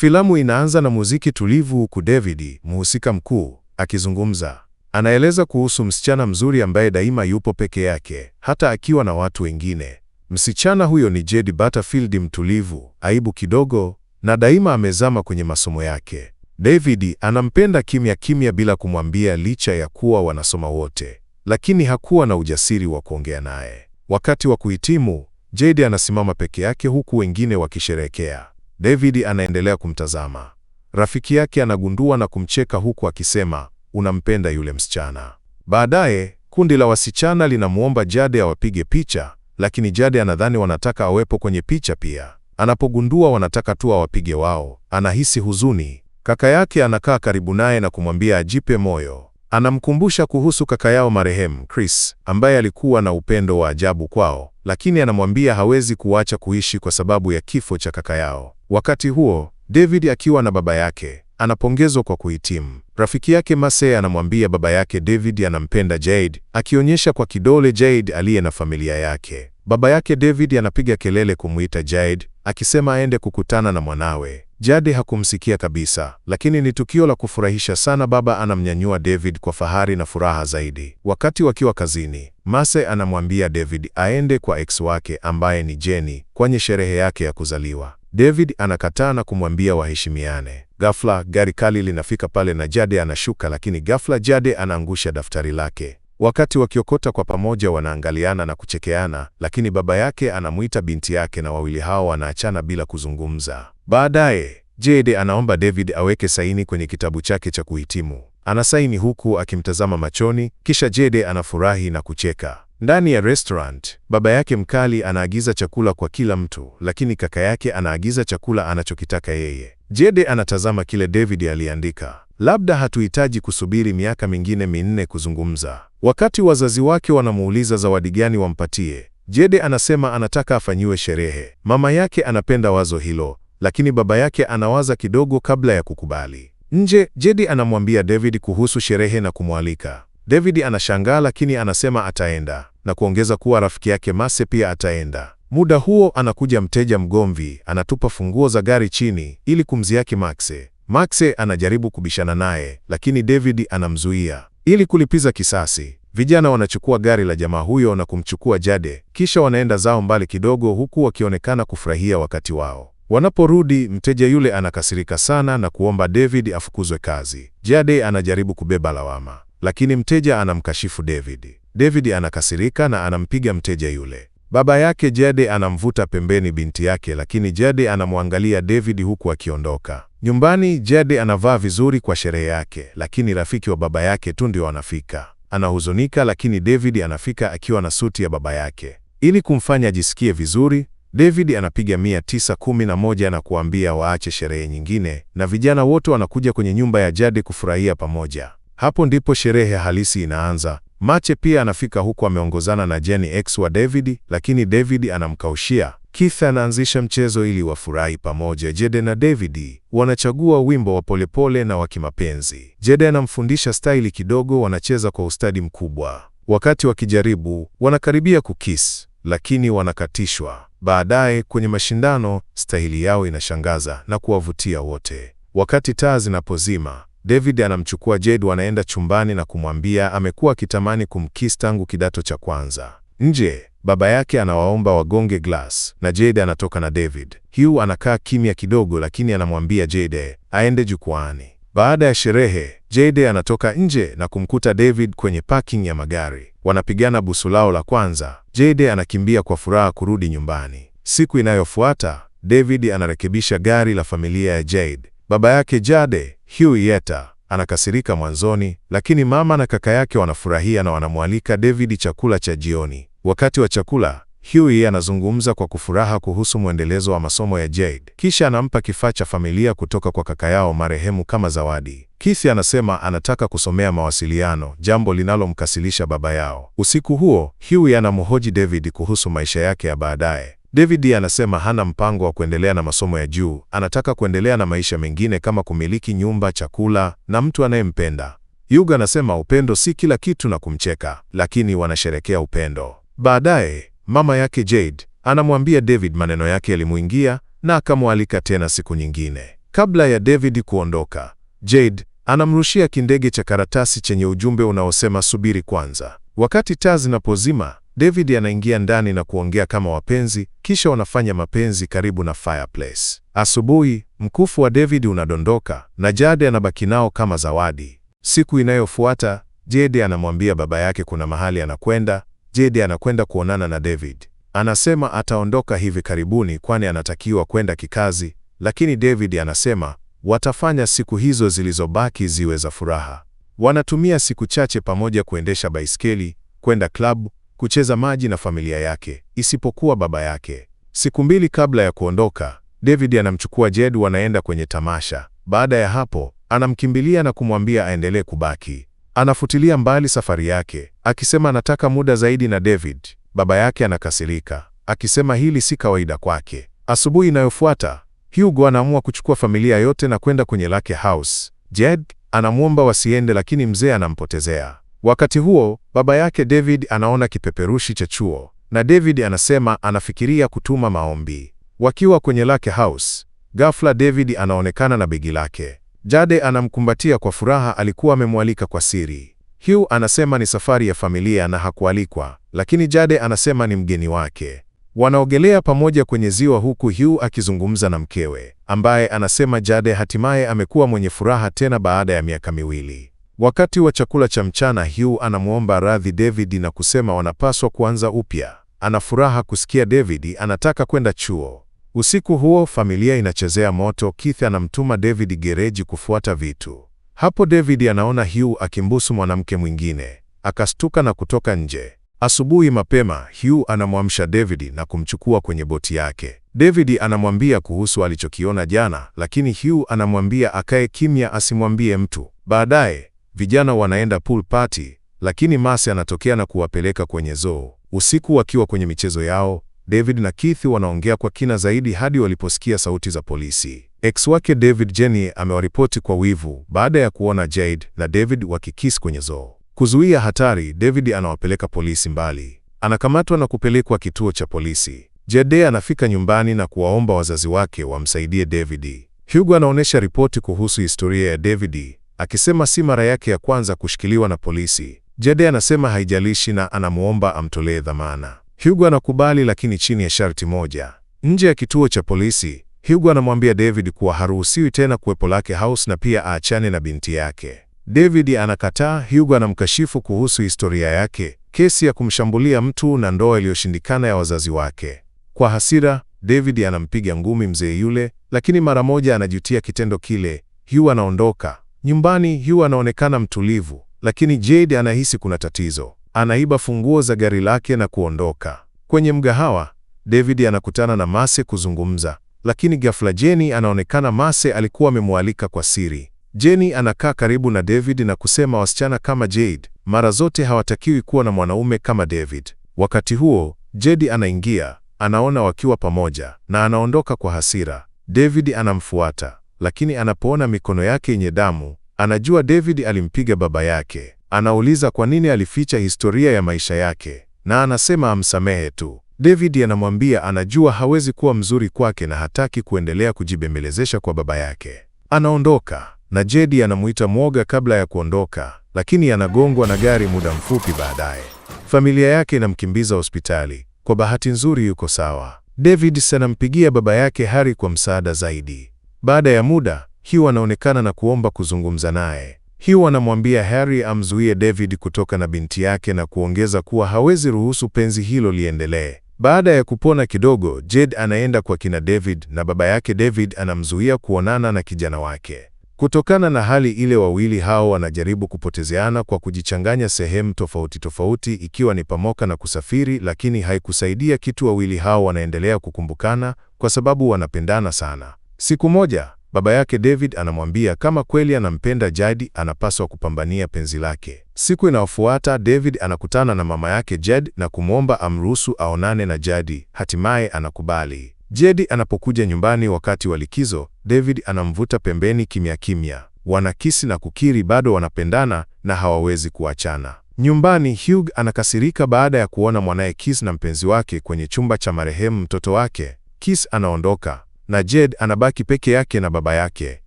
Filamu inaanza na muziki tulivu, huku David, mhusika mkuu, akizungumza. Anaeleza kuhusu msichana mzuri ambaye daima yupo peke yake, hata akiwa na watu wengine. Msichana huyo ni Jade Butterfield, mtulivu, aibu kidogo, na daima amezama kwenye masomo yake. David anampenda kimya kimya bila kumwambia, licha ya kuwa wanasoma wote, lakini hakuwa na ujasiri wa kuongea naye. Wakati wa kuhitimu, Jade anasimama peke yake, huku wengine wakisherekea. David anaendelea kumtazama. Rafiki yake anagundua na kumcheka huku akisema, unampenda yule msichana. Baadaye kundi la wasichana linamwomba Jade awapige picha, lakini Jade anadhani wanataka awepo kwenye picha pia. Anapogundua wanataka tu awapige wao, anahisi huzuni. Kaka yake anakaa karibu naye na kumwambia ajipe moyo. Anamkumbusha kuhusu kaka yao marehemu Chris, ambaye alikuwa na upendo wa ajabu kwao, lakini anamwambia hawezi kuacha kuishi kwa sababu ya kifo cha kaka yao. Wakati huo David akiwa na baba yake anapongezwa kwa kuhitimu. Rafiki yake Mase anamwambia baba yake David anampenda Jade, akionyesha kwa kidole Jade aliye na familia yake. Baba yake David anapiga kelele kumwita Jade akisema aende kukutana na mwanawe. Jade hakumsikia kabisa, lakini ni tukio la kufurahisha sana. Baba anamnyanyua David kwa fahari na furaha zaidi. Wakati wakiwa kazini, Mase anamwambia David aende kwa ex wake ambaye ni Jenny kwenye sherehe yake ya kuzaliwa. David anakataa na kumwambia waheshimiane. Ghafla gari kali linafika pale na Jade anashuka, lakini ghafla Jade anaangusha daftari lake. Wakati wakiokota kwa pamoja, wanaangaliana na kuchekeana, lakini baba yake anamuita binti yake na wawili hao wanaachana bila kuzungumza. Baadaye Jade anaomba David aweke saini kwenye kitabu chake cha kuhitimu. Anasaini huku akimtazama machoni, kisha Jade anafurahi na kucheka. Ndani ya restaurant, baba yake mkali anaagiza chakula kwa kila mtu, lakini kaka yake anaagiza chakula anachokitaka yeye. Jede anatazama kile David aliandika. Labda hatuhitaji kusubiri miaka mingine minne kuzungumza. Wakati wazazi wake wanamuuliza zawadi gani wampatie, Jede anasema anataka afanyiwe sherehe. Mama yake anapenda wazo hilo, lakini baba yake anawaza kidogo kabla ya kukubali. Nje, Jede anamwambia David kuhusu sherehe na kumwalika. David anashangaa lakini anasema ataenda na kuongeza kuwa rafiki yake Mase pia ataenda. Muda huo anakuja mteja mgomvi, anatupa funguo za gari chini ili kumziaki Maxe. Maxe anajaribu kubishana naye, lakini David anamzuia. Ili kulipiza kisasi, vijana wanachukua gari la jamaa huyo na kumchukua Jade, kisha wanaenda zao mbali kidogo, huku wakionekana kufurahia wakati wao. Wanaporudi, mteja yule anakasirika sana na kuomba David afukuzwe kazi. Jade anajaribu kubeba lawama, lakini mteja anamkashifu David. David anakasirika na anampiga mteja yule. Baba yake Jade anamvuta pembeni binti yake, lakini Jade anamwangalia David huku akiondoka. Nyumbani Jade anavaa vizuri kwa sherehe yake, lakini rafiki wa baba yake tu ndio anafika. Anahuzunika, lakini David anafika akiwa na suti ya baba yake. Ili kumfanya ajisikie vizuri, David anapiga mia tisa kumi na moja na kuambia waache sherehe nyingine, na vijana wote wanakuja kwenye nyumba ya Jade kufurahia pamoja. Hapo ndipo sherehe halisi inaanza. Mache pia anafika huku ameongozana na Jenny X wa David, lakini David anamkaushia. Keith anaanzisha mchezo ili wafurahi pamoja. Jede na David wanachagua wimbo wa polepole na wa kimapenzi. Jede anamfundisha staili kidogo, wanacheza kwa ustadi mkubwa. Wakati wakijaribu, wanakaribia kukiss, lakini wanakatishwa. Baadaye kwenye mashindano, staili yao inashangaza na kuwavutia wote. Wakati taa zinapozima David anamchukua Jade, wanaenda chumbani na kumwambia amekuwa akitamani kumkiss tangu kidato cha kwanza. Nje, baba yake anawaomba wagonge glass na Jade anatoka na David. Hugh anakaa kimya kidogo, lakini anamwambia Jade aende jukwaani. Baada ya sherehe, Jade anatoka nje na kumkuta David kwenye parking ya magari. Wanapigana busu lao la kwanza. Jade anakimbia kwa furaha kurudi nyumbani. Siku inayofuata, David anarekebisha gari la familia ya Jade. Baba yake Jade, Hugh Yeta, anakasirika mwanzoni, lakini mama na kaka yake wanafurahia na wanamwalika David chakula cha jioni. Wakati wa chakula, Hughie anazungumza kwa kufuraha kuhusu mwendelezo wa masomo ya Jade, kisha anampa kifaa cha familia kutoka kwa kaka yao marehemu kama zawadi. Kisi anasema anataka kusomea mawasiliano, jambo linalomkasilisha baba yao. Usiku huo, Hugh anamhoji David kuhusu maisha yake ya baadaye. David anasema hana mpango wa kuendelea na masomo ya juu, anataka kuendelea na maisha mengine kama kumiliki nyumba, chakula na mtu anayempenda. Yuga anasema upendo si kila kitu na kumcheka, lakini wanasherekea upendo. Baadaye mama yake Jade anamwambia David maneno yake yalimuingia na akamwalika tena siku nyingine. Kabla ya David kuondoka, Jade anamrushia kindege cha karatasi chenye ujumbe unaosema subiri kwanza. Wakati taa zinapozima David anaingia ndani na kuongea kama wapenzi, kisha wanafanya mapenzi karibu na fireplace. Asubuhi, mkufu wa David unadondoka na Jade anabaki nao kama zawadi. Siku inayofuata, Jade anamwambia baba yake kuna mahali anakwenda. Jade anakwenda kuonana na David. Anasema ataondoka hivi karibuni kwani anatakiwa kwenda kikazi, lakini David anasema watafanya siku hizo zilizobaki ziwe za furaha. Wanatumia siku chache pamoja kuendesha baiskeli, kwenda klabu kucheza maji na familia yake, isipokuwa baba yake. Siku mbili kabla ya kuondoka, David anamchukua Jed, wanaenda kwenye tamasha. Baada ya hapo, anamkimbilia na kumwambia aendelee kubaki. Anafutilia mbali safari yake, akisema anataka muda zaidi na David. Baba yake anakasirika, akisema hili si kawaida kwake. Asubuhi inayofuata, Hugo anaamua kuchukua familia yote na kwenda kwenye lake house. Jed anamwomba wasiende, lakini mzee anampotezea. Wakati huo baba yake David anaona kipeperushi cha chuo na David anasema anafikiria kutuma maombi. Wakiwa kwenye Lake House, ghafla David anaonekana na begi lake. Jade anamkumbatia kwa furaha, alikuwa amemwalika kwa siri. Hugh anasema ni safari ya familia na hakualikwa, lakini Jade anasema ni mgeni wake. Wanaogelea pamoja kwenye ziwa huku Hugh akizungumza na mkewe, ambaye anasema Jade hatimaye amekuwa mwenye furaha tena baada ya miaka miwili. Wakati wa chakula cha mchana, Hugh anamwomba radhi David na kusema wanapaswa kuanza upya. Ana furaha kusikia David anataka kwenda chuo. Usiku huo familia inachezea moto. Keith anamtuma David gereji kufuata vitu. Hapo David anaona Hugh akimbusu mwanamke mwingine, akastuka na kutoka nje. Asubuhi mapema, Hugh anamwamsha David na kumchukua kwenye boti yake. David anamwambia kuhusu alichokiona jana, lakini Hugh anamwambia akae kimya asimwambie mtu. Baadaye Vijana wanaenda pool party, lakini Masi anatokea na kuwapeleka kwenye zoo. Usiku wakiwa kwenye michezo yao, David na Keith wanaongea kwa kina zaidi hadi waliposikia sauti za polisi. Ex wake David Jenny amewaripoti kwa wivu baada ya kuona Jade na David wakikiss kwenye zoo. Kuzuia hatari, David anawapeleka polisi mbali. Anakamatwa na kupelekwa kituo cha polisi. Jade anafika nyumbani na kuwaomba wazazi wake wamsaidie David. Hugo anaonyesha ripoti kuhusu historia ya David akisema si mara yake ya kwanza kushikiliwa na polisi. Jade anasema haijalishi na anamuomba amtolee dhamana. Hugo anakubali lakini chini ya sharti moja. Nje ya kituo cha polisi, Hugo anamwambia David kuwa haruhusiwi tena kuwepo Lake House na pia aachane na binti yake. David anakataa. Hugo anamkashifu kuhusu historia yake, kesi ya kumshambulia mtu na ndoa iliyoshindikana ya wazazi wake. Kwa hasira, David anampiga ngumi mzee yule, lakini mara moja anajutia kitendo kile. Hugo anaondoka. Nyumbani Hugh anaonekana mtulivu, lakini Jade anahisi kuna tatizo. Anaiba funguo za gari lake na kuondoka. Kwenye mgahawa, David anakutana na Mase kuzungumza, lakini ghafla Jenny anaonekana. Mase alikuwa amemwalika kwa siri. Jenny anakaa karibu na David na kusema wasichana kama Jade mara zote hawatakiwi kuwa na mwanaume kama David. Wakati huo, Jade anaingia, anaona wakiwa pamoja na anaondoka kwa hasira. David anamfuata lakini anapoona mikono yake yenye damu, anajua David alimpiga baba yake. Anauliza kwa nini alificha historia ya maisha yake, na anasema amsamehe tu. David anamwambia anajua hawezi kuwa mzuri kwake na hataki kuendelea kujibembelezesha kwa baba yake. Anaondoka na Jedi anamuita mwoga kabla ya kuondoka, lakini anagongwa na gari muda mfupi baadaye. Familia yake inamkimbiza hospitali. Kwa bahati nzuri, yuko sawa. David anampigia baba yake Harry kwa msaada zaidi. Baada ya muda, Hugh anaonekana na kuomba kuzungumza naye. Hugh anamwambia Harry amzuie David kutoka na binti yake na kuongeza kuwa hawezi ruhusu penzi hilo liendelee. Baada ya kupona kidogo, Jed anaenda kwa kina David na baba yake David anamzuia kuonana na kijana wake. Kutokana na hali ile, wawili hao wanajaribu kupotezeana kwa kujichanganya sehemu tofauti tofauti, ikiwa ni pamoka na kusafiri, lakini haikusaidia kitu. Wawili hao wanaendelea kukumbukana kwa sababu wanapendana sana. Siku moja baba yake David anamwambia kama kweli anampenda jadi anapaswa kupambania penzi lake. Siku inayofuata David anakutana na mama yake Jad na kumwomba amruhusu aonane na jadi Hatimaye anakubali. jedi anapokuja nyumbani wakati wa likizo, David anamvuta pembeni kimya kimya. Wanakisi na kukiri bado wanapendana na hawawezi kuachana. Nyumbani Hugh anakasirika baada ya kuona mwanaye Kiss na mpenzi wake kwenye chumba cha marehemu mtoto wake. Kiss anaondoka na Jed anabaki peke yake na baba yake.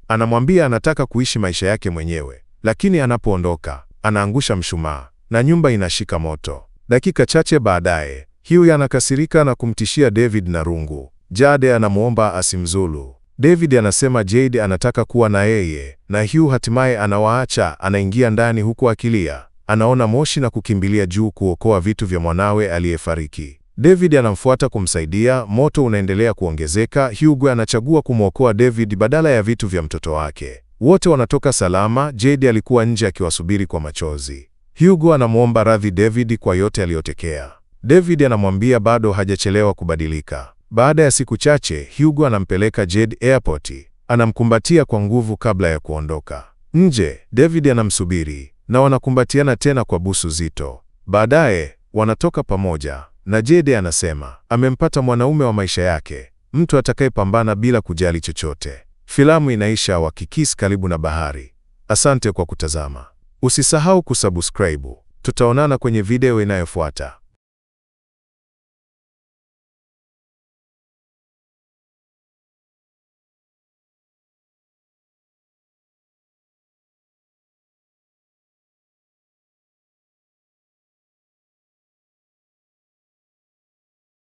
Anamwambia anataka kuishi maisha yake mwenyewe, lakini anapoondoka anaangusha mshumaa na nyumba inashika moto. Dakika chache baadaye, Hugh anakasirika na kumtishia David na rungu. Jade anamwomba asimzulu. David anasema Jade anataka kuwa na yeye, na Hugh hatimaye anawaacha, anaingia ndani huku akilia. Anaona moshi na kukimbilia juu kuokoa vitu vya mwanawe aliyefariki. David anamfuata kumsaidia, moto unaendelea kuongezeka. Hugo anachagua kumwokoa David badala ya vitu vya mtoto wake. Wote wanatoka salama. Jade alikuwa nje akiwasubiri kwa machozi. Hugo anamwomba radhi David kwa yote aliyotekea. David anamwambia bado hajachelewa kubadilika. Baada ya siku chache, Hugo anampeleka Jade airport, anamkumbatia kwa nguvu kabla ya kuondoka. Nje, David anamsubiri na wanakumbatiana tena kwa busu zito. Baadaye wanatoka pamoja. Na Jede anasema amempata mwanaume wa maisha yake, mtu atakayepambana bila kujali chochote. Filamu inaisha wakikis karibu na bahari. Asante kwa kutazama, usisahau kusubscribe. Tutaonana kwenye video inayofuata.